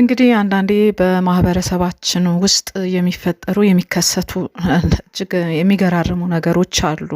እንግዲህ አንዳንዴ በማህበረሰባችን ውስጥ የሚፈጠሩ የሚከሰቱ እጅግ የሚገራርሙ ነገሮች አሉ።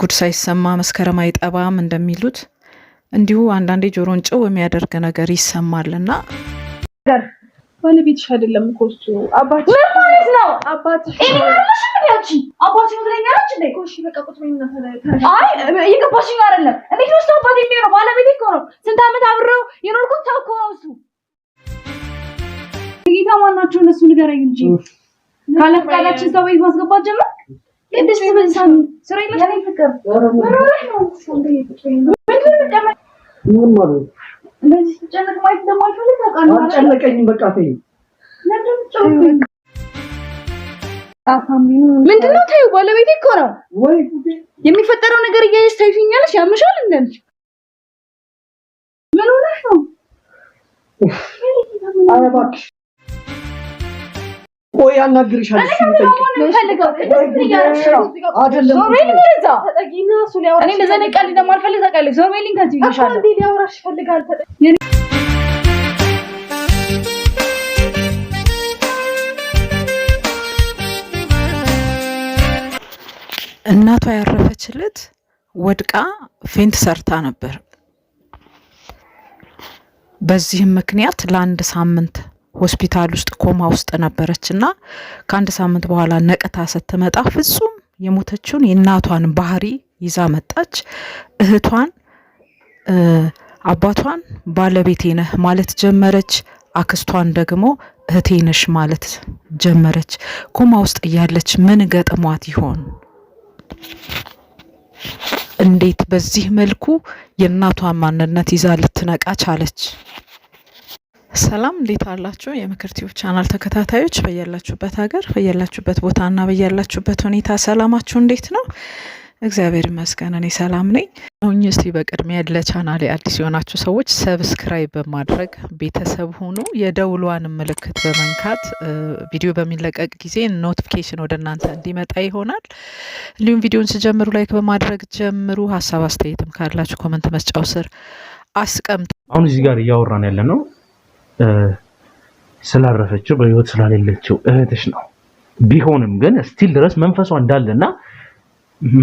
ጉድ ሳይሰማ መስከረም አይጠባም እንደሚሉት እንዲሁ አንዳንዴ ጆሮን ጭው የሚያደርግ ነገር ይሰማል ባለቤትሽ አይደለም እኮ እሱ አባትሽ ነው። አባትሽ አባትሽ ነው። ጌታ ማናቸው እነሱ ንገረኝ እንጂ ካለ ፈቃዳችን ሰው ቤት ማስገባት ጀመር። ቅድስት በዛን ስራ የለም ፍቅር ምንድን ነው ተይው፣ ባለቤቴ እኮ ነው። የሚፈጠረው ነገር እያየሽ ታይሽኛለሽ፣ ያምሻል እንዳልሽ ምን ሆነሽ ነው? ኧረ እባክሽ ቆይ አናግርሻለሁ። እናቷ ያረፈችለት ወድቃ ፌንት ሰርታ ነበር። በዚህም ምክንያት ለአንድ ሳምንት ሆስፒታል ውስጥ ኮማ ውስጥ ነበረች እና ከአንድ ሳምንት በኋላ ነቅታ ስትመጣ ፍጹም የሞተችውን የእናቷን ባህሪ ይዛ መጣች። እህቷን፣ አባቷን ባለቤቴ ነህ ማለት ጀመረች። አክስቷን ደግሞ እህቴ ነሽ ማለት ጀመረች። ኮማ ውስጥ እያለች ምን ገጥሟት ይሆን? እንዴት በዚህ መልኩ የእናቷን ማንነት ይዛ ልትነቃ ቻለች? ሰላም እንዴት አላችሁ? የምክር ቲዩብ ቻናል ተከታታዮች በያላችሁበት ሀገር በያላችሁበት ቦታና በያላችሁበት ሁኔታ ሰላማችሁ እንዴት ነው? እግዚአብሔር ይመስገን እኔ ሰላም ነኝ። አሁን እስቲ በቅድሚያ ለቻናሌ አዲስ የሆናችሁ ሰዎች ሰብስክራይብ በማድረግ ቤተሰብ ሆኖ የደውሏን ምልክት በመንካት ቪዲዮ በሚለቀቅ ጊዜ ኖቲፊኬሽን ወደ እናንተ እንዲመጣ ይሆናል። እንዲሁም ቪዲዮን ስጀምሩ ላይክ በማድረግ ጀምሩ። ሀሳብ አስተያየትም ካላችሁ ኮመንት መስጫው ስር አስቀምጡ። አሁን እዚህ ጋር እያወራን ያለ ነው ስላረፈችው በህይወት ስላሌለችው እህትሽ ነው። ቢሆንም ግን ስቲል ድረስ መንፈሷ እንዳለና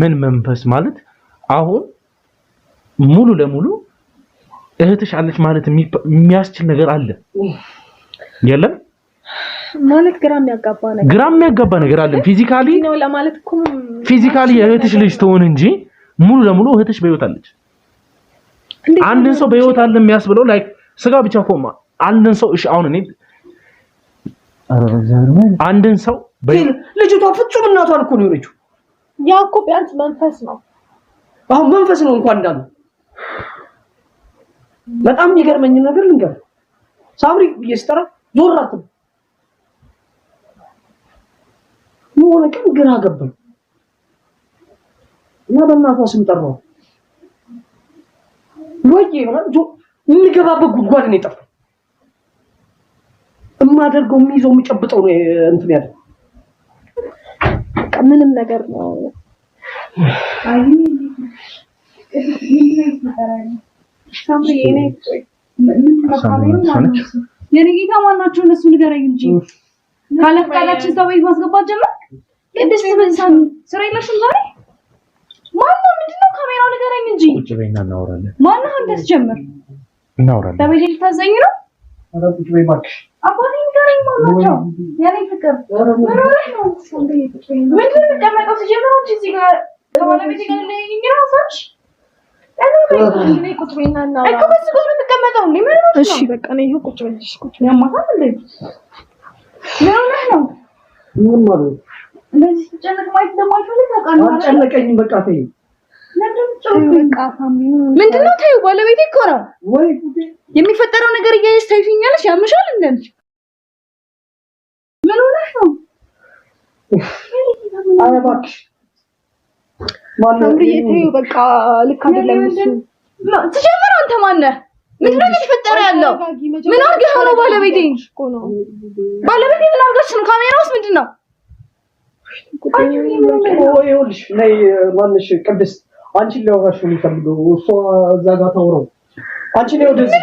ምን መንፈስ ማለት አሁን ሙሉ ለሙሉ እህትሽ አለች ማለት የሚያስችል ነገር አለ የለም? ማለት ግራ የሚያጋባ ነገር ግራ የሚያጋባ ነገር አለ። ፊዚካሊ ነው ለማለት እኮ ፊዚካሊ የእህትሽ ልጅ ትሆን እንጂ ሙሉ ለሙሉ እህትሽ በህይወት አለች። አንድን ሰው በህይወት አለ የሚያስብለው ላይክ ስጋ ብቻ ኮማ አንድን ሰው እሺ፣ አሁን እኔ አንድን ሰው ልጅቷ ፍጹም እናቷ አልኩ ነው የሆነችው። ያ እኮ ቢያንስ መንፈስ ነው። አሁን መንፈስ ነው እንኳን እንዳሉ በጣም የሚገርመኝ ነገር ልንገር፣ ሳምሪ ብዬ ስጠራ ዞር የሆነ ቀን ግራ ገባኝ እና በእናቷ ስም ጠራው ወይ ይሆናል። እንገባበት ጉድጓድ ነው የጠፋው የማደርገው የሚይዘው የሚጨብጠው ነው እንትን ያለ ምንም ነገር ነው። የኔ ጌታ ማናቸው እነሱ ንገረኝ እንጂ ካለ ፈቃዳችን ሰው ቤት ማስገባት ጀመር። ቅድስት በዚሳን ስራ የለሽም ዛሬ ማነው? ምንድነው? ካሜራው ንገረኝ እንጂ ቁጭ በይና እናወራለን። ማነው? አንተስ ጀምር እናወራለን። ለቤት ልታዘኝ ነው። ኧረ ቁጭ በይ እባክሽ አባቴ ንገረኝ ማናቸው ያኔ ፍቅር ምን ነው? ባለቤቴ እኮ ነው የሚፈጠረው ነገር እያየሽ ታይሽኛለሽ። ያምሻል እንደንች ምን ሆነሽ ነው? ኧረ እባክሽ ሰምሪ የትዩ በቃ ልክ አይደለም እሱ። ትጀምር አንተ ማነህ? ምንድን ነው የተፈጠረ ያለው? ምን አድርገህ ነው? ባለቤቴ ባለቤቴ ምን አድርገሽ ነው? ካሜራ ውስጥ ምንድን ነው? ይኸውልሽ ነይ ማንሽ ቅድስት አንቺን ሊያወራሽ የሚፈልገው እሷ እዛ ጋር ታውራው አንቺን ይወደዚህ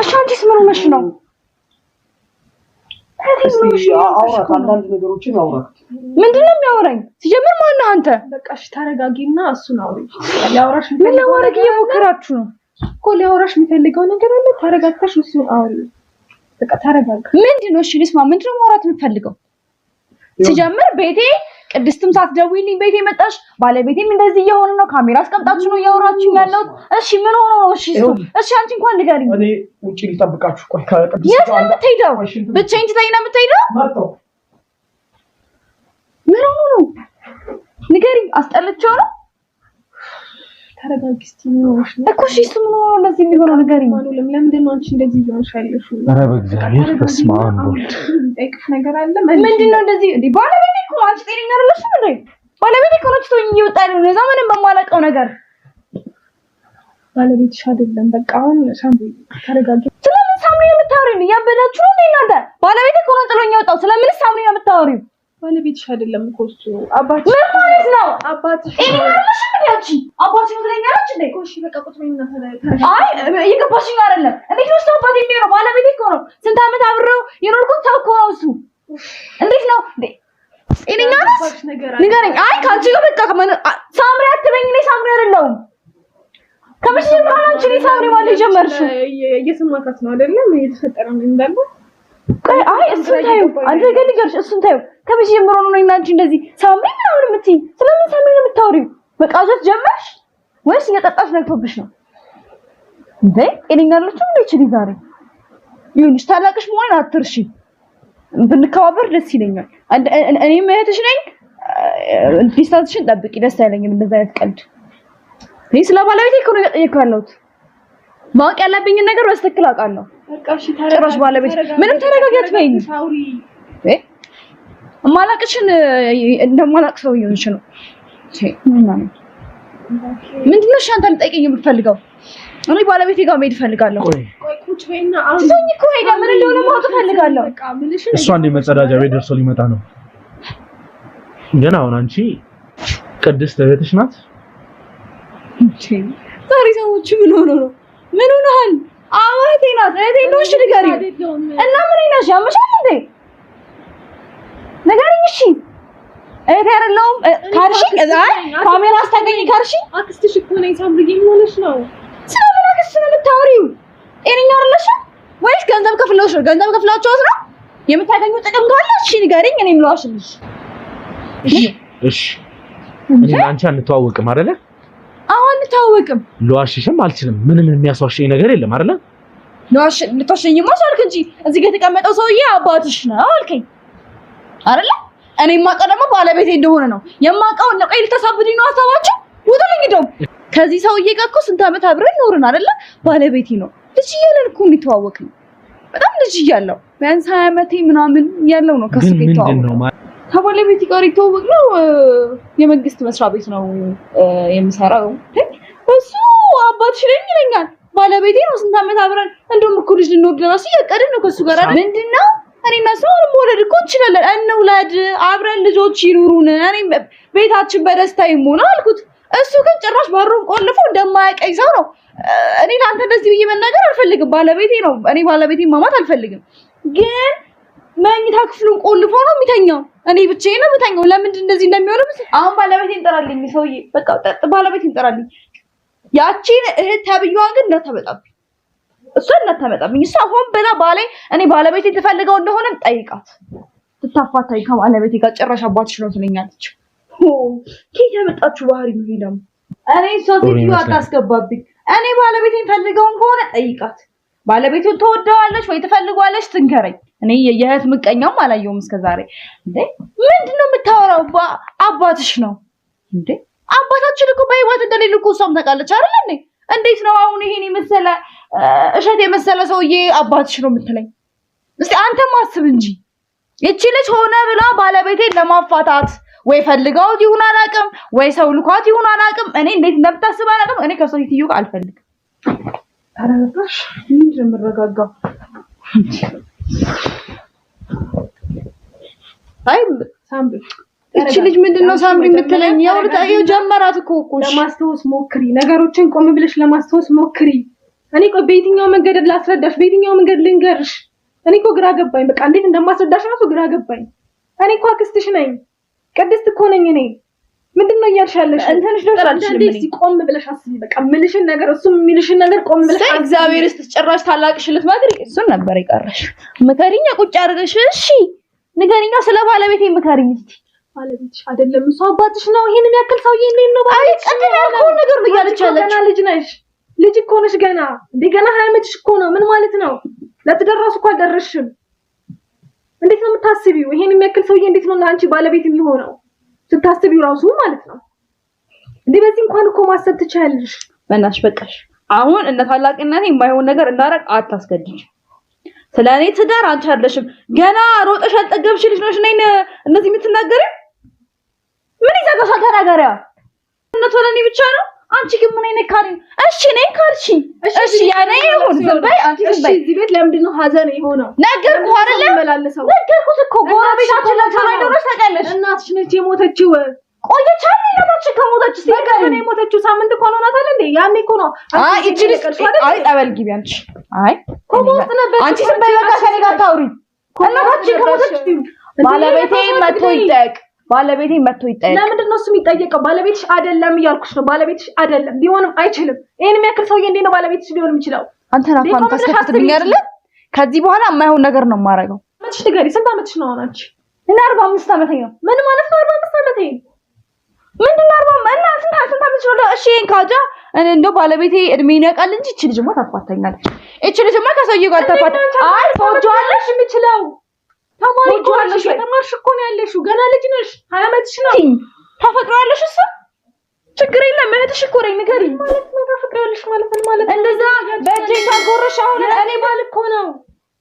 እሺ አንቺስ ምን ሆነሽ ነው? አውራት አንዳንድ ነገሮችን አውራት። ምንድን ነው የሚያወራኝ? ሲጀምር ማነው አንተ? በቃ እሺ ተረጋጊና እሱን አውሪ። ሊያወራሽ ምን ለማድረግ እየሞከራችሁ ነው እኮ? ሊያወራሽ የሚፈልገው ነገር አለ። ተረጋግተሽ እሱን አውሪ። በቃ ተረጋጋ። ምንድን ነው እሺ? ልስማ። ምንድን ነው ማውራት የምትፈልገው? ሲጀምር ቤቴ ቅድስትም ሳትደውይልኝ ቤት የመጣሽ ባለቤቴም እንደዚህ እየሆነ ነው፣ ካሜራ አስቀምጣችሁ ነው እያወራችሁ ያለሁት። እሺ ምን ሆኖ ነው? እሺ እሺ፣ አንቺ እንኳን ንገሪኝ። እኔ ውጪ ልጠብቃችሁ። ቆይ ከቅድስት የት ነው የምትሄደው? ብቻዬን ትተኝ ነው የምትሄደው? ምን ሆኖ ነው? ንገሪኝ። አስጠልቼው ነው ተረጋጊ እስኪ ምን ሆነሽ ነው እኮ? እሺ እሱ ምን ሆነ እንደዚህ የሚሆነው ነገር ለምንድን ነው አንቺ እንደዚህ እየሆንሽ ያለሽው? ኧረ በእግዚአብሔር በስመ አብ ወልድ ነገር አለ። ምንድን ነው እንደዚህ እንዴ? ባለቤቴ እኮ አንቺ ጤነኛ አይደለሽም እንዴ? ባለቤቴ እኮ እየወጣ ነው እዛ ምንም በማላውቀው ነገር ባለቤትሽ አይደለም። በቃ አሁን ሳምሪ ስለምን ሳምሪ የምታወሪው? እናንተ? ባለቤቴ እኮ ነው ጥሎኝ የወጣው። ስለምን ሳምሪ የምታወሪው? ባለቤትሽ አይደለም እኮ እሱ። ምን ማለት ነው? አባት እኔ አይደለሽ እንዴ? አንቺ ትለኛለች እንዴ? ነው አይ እኮ ነው። ስንት ዓመት አብረው የኖርኩት ሰው እኮ እሱ። እንዴት ነው እንዴ? እኔኛ ንገረኝ። አይ ከአንቺ ጋር በቃ ሳምሪ አትበኝ። እኔ ሳምሪ አይደለሁም። ከመቼ ብርሃን አንቺ እኔ ሳምሪ ማለት ጀመርሽ? እየሰማካት ነው አይደለም? እየተፈጠረ ነው አይ እሱን ታዩ አንድ ነገር ልንገርሽ፣ እሱን ታዩ ከመቼ ጀምሮ ነው እና አንቺ እንደዚህ ሳምሪ ምናምን ስለምን ሳምሪ ነው የምታወሪው? ጀመርሽ ወይስ እየጠጣሽ ነግቶብሽ ነው እንዴ? ጤነኛ እንዴ? ዛሬ ይሁንሽ። ታላቅሽ መሆን አትርሺ። ብንከባበር ደስ ይለኛል። እኔም እህትሽ ነኝ። ዲስታንስሽን ጠብቂ። ደስ አይለኝም እንደዚህ አይነት ቀልድ። ስለ ባለቤቴ እኮ ነው እየጠየኩ ያለሁት። ማወቅ ያለብኝን ነገር በስተክል አውቃለሁ። ጭራሽ ባለቤት ምንም ተረጋጋት በይኝ እ እንደማላቅ ሰው እየሆንሽ ነው። ምንድን ነው አንተ ልጠይቀኝ የምትፈልገው? እኔ ባለቤቴ ጋር መሄድ እፈልጋለሁ። ትቶኝ እኮ ሄደ። ምን እንደሆነ ማወቅ እፈልጋለሁ። እሷ እንደ መጸዳጃ ቤት ደርሶ ሊመጣ ነው። ግን አሁን አንቺ ቅድስት ቤትሽ ናት። ዛሬ ሰዎች ምን ሆኖ ነው? ምን ሆነሃል? አዎ እህቴ ናት። እህቴ እንደሆንሽ ንገሪው እና ምን ይነሽ ያመሻል እንዴ? ንገሪኝ እሺ። እህቴ አይደለሁም ካልሽኝ እዛ ካሜራ አስታገኝ ካልሽኝ አክስትሽ እኮ ነኝ። ሳምሪ ሆነሽ ነው። ስለምን አክስትሽ ነው የምታወሪው? ጤነኛ አይደለሽም ወይስ ገንዘብ ከፍለውሽ ነው? ገንዘብ ከፍላችኋት ነው የምታገኙ ጥቅም ካለ እሺ ንገሪኝ። እኔም ልዋሽልሽ። እሺ እሺ። እኔ አንቺ አንተዋወቅም አይደለ? አንታወቅም። ልዋሽሽም አልችልም። ምንም የሚያስዋሽኝ ነገር የለም አይደለ? ልዋሽ ልታሸኝማ አልክ እንጂ እዚህ ጋር የተቀመጠው ሰውዬ አባትሽ ነው አልከኝ አይደለ? እኔ የማውቀው ደግሞ ባለቤቴ እንደሆነ ነው የማውቀው። ነው ቀይ ልታሳብድኝ ነው ሀሳባችሁ? ውጡልኝ እንደውም ከዚህ ሰውዬ ጋር እኮ ስንት ዓመት አብረን ኖርን አይደለ? ባለቤቴ ነው። ልጅ እያለን እኮ ነው። በጣም ልጅ እያለሁ ቢያንስ ሀያ ዓመቴ ምናምን ያለው ነው ከሱ ጋር የተዋወቅነው። ከባለቤት ጋር የተዋወቅ ነው። የመንግስት መስሪያ ቤት ነው የምሰራው። እሱ አባትሽ ነኝ ይለኛል። ባለቤቴ ነው። ስንት ዓመት አብረን እንደውም እኮ ልጅ ልንወልድ ለራሱ እያቀድን ነው ከእሱ ጋር። ምንድን ነው እኔና እሱ አሁን መውለድ እኮ እንችላለን። እንውለድ፣ አብረን ልጆች ይኑሩን፣ እኔም ቤታችን በደስታ ይሙና አልኩት። እሱ ግን ጭራሽ በሩን ቆልፎ እንደማያቀኝ ሰው ነው። እኔ ለአንተ እንደዚህ ብዬ መናገር አልፈልግም። ባለቤቴ ነው። እኔ ባለቤቴ ማማት አልፈልግም ግን መኝታ ክፍሉን ቆልፎ ነው የሚተኛው። እኔ ብቻዬን ነው የምተኛው። ለምንድን እንደዚህ እንደሚሆነው አሁን ባለቤት ይንጠራልኝ፣ ሰውዬ በቃ ጠጥ ባለቤት ይንጠራልኝ። ያቺን እህት ተብዬዋ ግን እንዳታመጣብኝ፣ እሷ እንዳታመጣብኝ። እሷ ሆን ብላ ባላይ እኔ ባለቤት ትፈልገው እንደሆነ ጠይቃት፣ ትታፋታኝ ከባለቤቴ ጋር ጭራሽ አባትሽ ነው ትለኛለች። ኬት ያመጣችሁ ባህሪ ነው ይሄ ደግሞ። እኔ እሷ ሴትዮ አታስገባብኝ። እኔ ባለቤቴን ፈልገውን ከሆነ ጠይቃት። ባለቤቱን ትወደዋለች ወይ ትፈልጓለች? ትንከረኝ እኔ የእህት ምቀኛውም አላየውም እስከዛሬ። እንዴ ምንድን ነው የምታወራው? አባትሽ ነው እንዴ? አባታችን እኮ በህይወት እንደሌለ እኮ እሷም ታውቃለች አይደል እኔ እንዴት ነው አሁን ይሄን የመሰለ እሸት የመሰለ ሰውዬ አባትሽ ነው የምትለኝ? እስቲ አንተም አስብ እንጂ ይቺ ልጅ ሆነ ብላ ባለቤቴን ለማፋታት ወይ ፈልጋው ይሁን አላውቅም፣ ወይ ሰው ልኳት ይሁን አላውቅም። እኔ እንዴት እንደምታስብ አላውቅም። እኔ ከሰው ይትዩቅ አልፈልግም። ኧረ በቃሽ ምንድን ነው የምረጋጋው? አይ ሳምብል እቺ ልጅ ምንድነው ሳምሪ የምትለኝ? ያው ጀመራት እኮ እኮ። ለማስታወስ ሞክሪ፣ ነገሮችን ቆም ብለሽ ለማስታወስ ሞክሪ። እኔ እኮ በየትኛው መንገድ ላስረዳሽ፣ በየትኛው መንገድ ልንገርሽ? እኔ እኮ ግራ ገባኝ። በቃ እንዴት እንደማስረዳሽ ራሱ ግራ ገባኝ። እኔ እኮ አክስትሽ ነኝ፣ ቅድስት እኮ ነኝ እኔ ምንድን ነው እያልሻለሽ? እንትንሽ ደርሻለሽ። እንደዚህ ቆም ብለሽ አስቢ። በቃ ምልሽን ነገር እሱም የሚልሽን ነገር ቆም ብለሽ አስቢ። እግዚአብሔር ይስጥ። ጭራሽ ታላቅሽ ልትመክሪ እሱን ነበር የቀረሽ። ምከሪኛ ቁጭ አድርገሽ። እሺ ንገሪኛ፣ ስለ ባለቤቴ ምከሪኝ እስቲ። ባለቤትሽ አይደለም እሱ አባትሽ ነው። ይሄን የሚያክል ሰውዬ እንዴት ነው ባለቤት? አይ ቀጥታ ነገር ነው እያለች ገና ልጅ ነሽ፣ ልጅ እኮ ነሽ ገና። እንደ ገና ሀያ ዓመትሽ እኮ ነው። ምን ማለት ነው? ለትደረሱ እኮ አልደረስሽም። እንዴት ነው የምታስቢው? ይሄን የሚያክል ሰውዬ እንዴት ነው ለአንቺ ባለቤት የሚሆነው? ስታስቢው ራሱ ማለት ነው እንዴ። በዚህ እንኳን እኮ ማሰብ ትችያለሽ። በእናትሽ በቃሽ። አሁን እንደ ታላቅነት የማይሆን ነገር እንዳረግ አታስገድጅ። ስለ እኔ ትዳር አንቺ አይደለሽም ገና ሮጠሽ ያልጠገብሽ ልጅ ነሽ። ነኝ እንደዚህ የምትናገሪ ምን ይዘጋሻል? ተናገሪያ እነቶ ለእኔ ብቻ ነው። አንቺ ግን ምን አይነት ካሪ እሺ ነኝ ካልሽ እሺ ያኔ ይሁን። ዝም በይ አንቺ። ዝም በይ። እዚህ ቤት ለምንድን ነው ሀዘን የሆነው? ነገርኩህ አይደለ? ነገርኩህ እኮ ጎረቤታችን ላይ ታውቂያለሽ። እናትሽ ነች የሞተችው። የሞተችው ሳምንት እኮ ነው ናት አይደል? ያኔ እኮ ነው። አይ እቺ ልጅ አይ ጠበል ግቢ አንቺ። አይ ኮሞ ውስጥ ነበር አንቺ። ከኔ ጋር ታውሪ። ከሞተች ባለቤቴ መጥቶ ይጠየቅ ባለቤቴ መጥቶ ይጠየቅ። ለምንድን ነው እሱ የሚጠየቀው? ባለቤትሽ አይደለም እያልኩሽ ነው። ባለቤትሽ አይደለም ቢሆንም አይችልም። ይሄን የሚያክል ሰውዬ እንዴት ነው ባለቤትሽ ሊሆን የሚችለው? አንተ አፋን ታስከፍትብኝ ከዚህ በኋላ የማይሆን ነገር ነው የማደርገው አመትሽ ንገሪ። ስንት አመትሽ ነው አናች እና አርባ አምስት ነው። ምን ማለት ነው? አርባ አምስት ምንድን ነው? አርባ እና ስንት ስንት አመትሽ ነው? እሺ ካጃ እንደው ባለቤቴ እድሜ ይነቃል እንጂ እቺ ልጅማ ታፋታኛለች። እቺ ልጅማ ከሰውዬው ጋር ታፋታ። አይ ፎጆዋለሽ የምችለው ተማሪዋለሽ ተማርሽ እኮ ነው ያለሽው። ገና ልጅ ነሽ። ሀያ አመትሽ ነው። ታፈቅረዋለሽ እሱ ችግር የለም። እህትሽ እኮ ነኝ። ንገሪኝ ማለት ነው። ታፈቅረዋለሽ ማለት ነው ማለት እንደዛ በእጄ ታጎረሽ። አሁን እኔ ባል እኮ ነው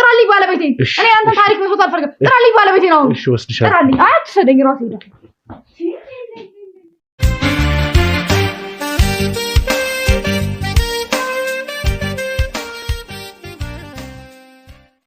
ጥራልኝ ባለቤቴ። እኔ አንተ ታሪክ መስሎት አልፈልግም። ጥራልኝ ባለቤቴ ነው። እሺ ወስድሻለሁ። ጥራልኝ። አትሰደኝ ራሴ ሄዳ